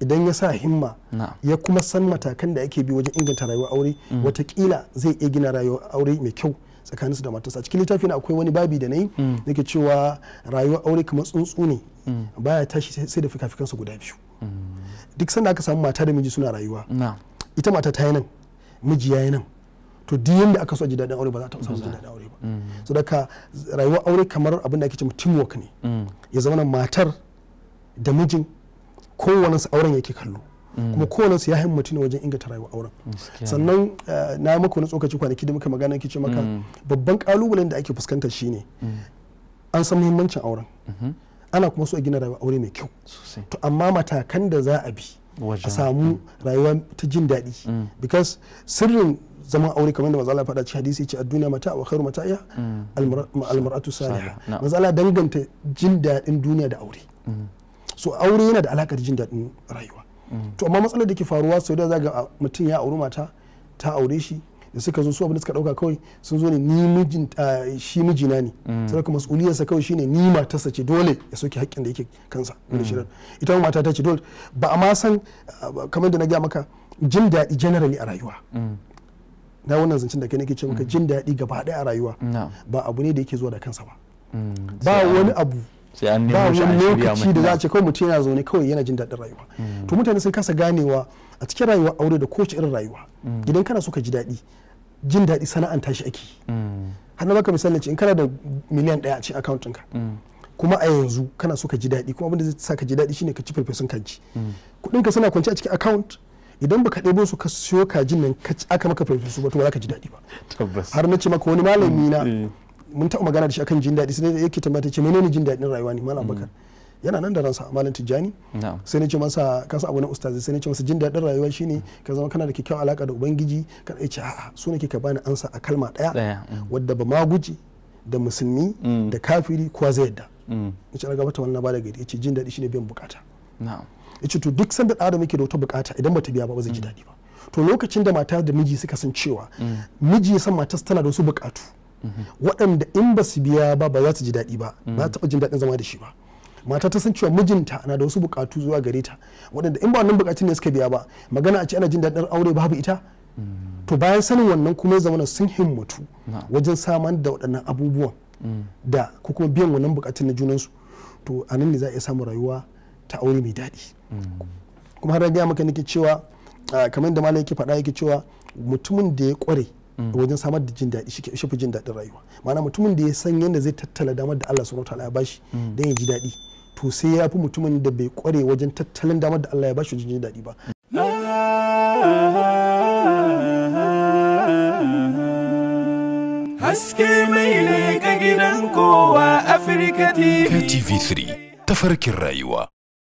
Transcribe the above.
idan ya sa himma ya kuma san matakan da ake bi wajen inganta rayuwar aure mm. watakila zai iya gina rayuwar aure mai kyau tsakaninsu da matarsa cikin littafin akwai wani babi da na yi mm. nake cewa rayuwar aure kamar tsuntsu ne mm. baya tashi sai da fikafikansu guda biyu duk sanda aka samu mata da miji suna rayuwa ita mata ta yi nan miji ya yi nan to duk yanda aka so ji daɗin aure ba za ta samu ji daɗin aure ba so daga rayuwar aure kamar abin da ake cewa teamwork ne ya zama matar da mijin kowane su auren yake kallo mm. kuma kowane su ya himmatu ne wajen inganta rayuwar auren sannan eh, na maka wani tsokaci kwanaki da muka magana kici maka mm. babban kalubalen da ake shi shine mm. an san muhimmancin auren mm-hmm. ana kuma so a gina rayuwar aure mai kyau to amma matakan da za a bi a samu rayuwa ta jin daɗi because sirrin zaman aure kamar da mazala faɗa ci hadisi ce duniya mata wa khairu mata iya almar'atu salihah mazala danganta jin daɗin duniya da aure so aure yana da alakar da jin daɗin rayuwa to amma matsalar da ke faruwa sau da zaga mutum ya auri mata ta aure shi da suka zo su abin da suka dauka kawai sun zo ne ni shi mijina ne sai kuma sa kawai shine ni matarsa ce dole ya soke haƙƙin da yake kansa mm. da shirin ita kuma mata ta ce dole ba a ma san kamar da na gaya maka jin daɗi generally a rayuwa mm. na wannan zancen da kai nake ce maka mm. jin daɗi gaba ɗaya a rayuwa ba abu ne da yake zuwa da kansa ba ba wani abu sai an lokaci da za a ce kawai mutum yana zaune kawai yana jin daɗin rayuwa mm. to mutane sun kasa ganewa a cikin rayuwa aure da kowace irin rayuwa mm. idan kana so ka ji daɗi jin daɗi sana'anta shi ake mm. har baka misali in kana da miliyan ɗaya a cikin ka kuma a yanzu kana so ka ji daɗi kuma abinda zai sa ka ji daɗi shine ka ci farfesun kaji kuɗin ka suna kwance a cikin akawunt idan baka ɗebo su ka siyo kajin nan aka maka farfesu ba to ba za ka ji daɗi ba har na ce maka wani malami na eh. mun taɓa magana da shi akan jin daɗi sai da yake tambaya ce menene jin daɗin rayuwa ne malam mm. bakar yana nan da ransa malam tijjani sai ne ce masa kasa abu na ustazi sai ne ce masa jin daɗin rayuwa shine ka zama kana da kyakkyawar alaka da ubangiji ka dai ce a'a su ne ka bani ansa a kalma ɗaya mm. wadda ba ma guji da musulmi mm. da kafiri ko zai yadda yace daga bata wannan ba da gari yace jin daɗi shine biyan bukata yace to duk sanda da muke da wata bukata idan ba ta biya ba ba zai ji daɗi ba to lokacin da mata da miji suka san cewa miji ya san matarsa tana da wasu bukatu waɗanda in ba su biya ba ba za su ji daɗi ba mm. ba za taɓa jin daɗin zama da shi ba mata ta san cewa mijinta na da wasu buƙatu zuwa gare ta waɗanda in ba wannan buƙatun ne suka biya ba magana a ce ana jin daɗin aure babu ita mm. to bayan sanin wannan kuma ya zamana sun himmatu wajen samar da waɗannan abubuwan mm. da ko kuma biyan wannan buƙatun na junansu to a nan ne za a iya samun rayuwa ta aure mai daɗi kuma har gaya maka nake cewa kamar da malam yake faɗa yake cewa mutumin da ya kware Mm. wajen samar da jin daɗi shi fi jin daɗin rayuwa ma'ana mutumin da ya san yadda zai tattala damar da Allah subhanahu wataala ya bashi mm. dan ya ji daɗi to sai ya fi mutumin da bai kware wajen tattalin damar da Allah ya bashi jin daɗi ba haske mai ne ga gidan kowa Afirka TV. 3 tafarkin rayuwa.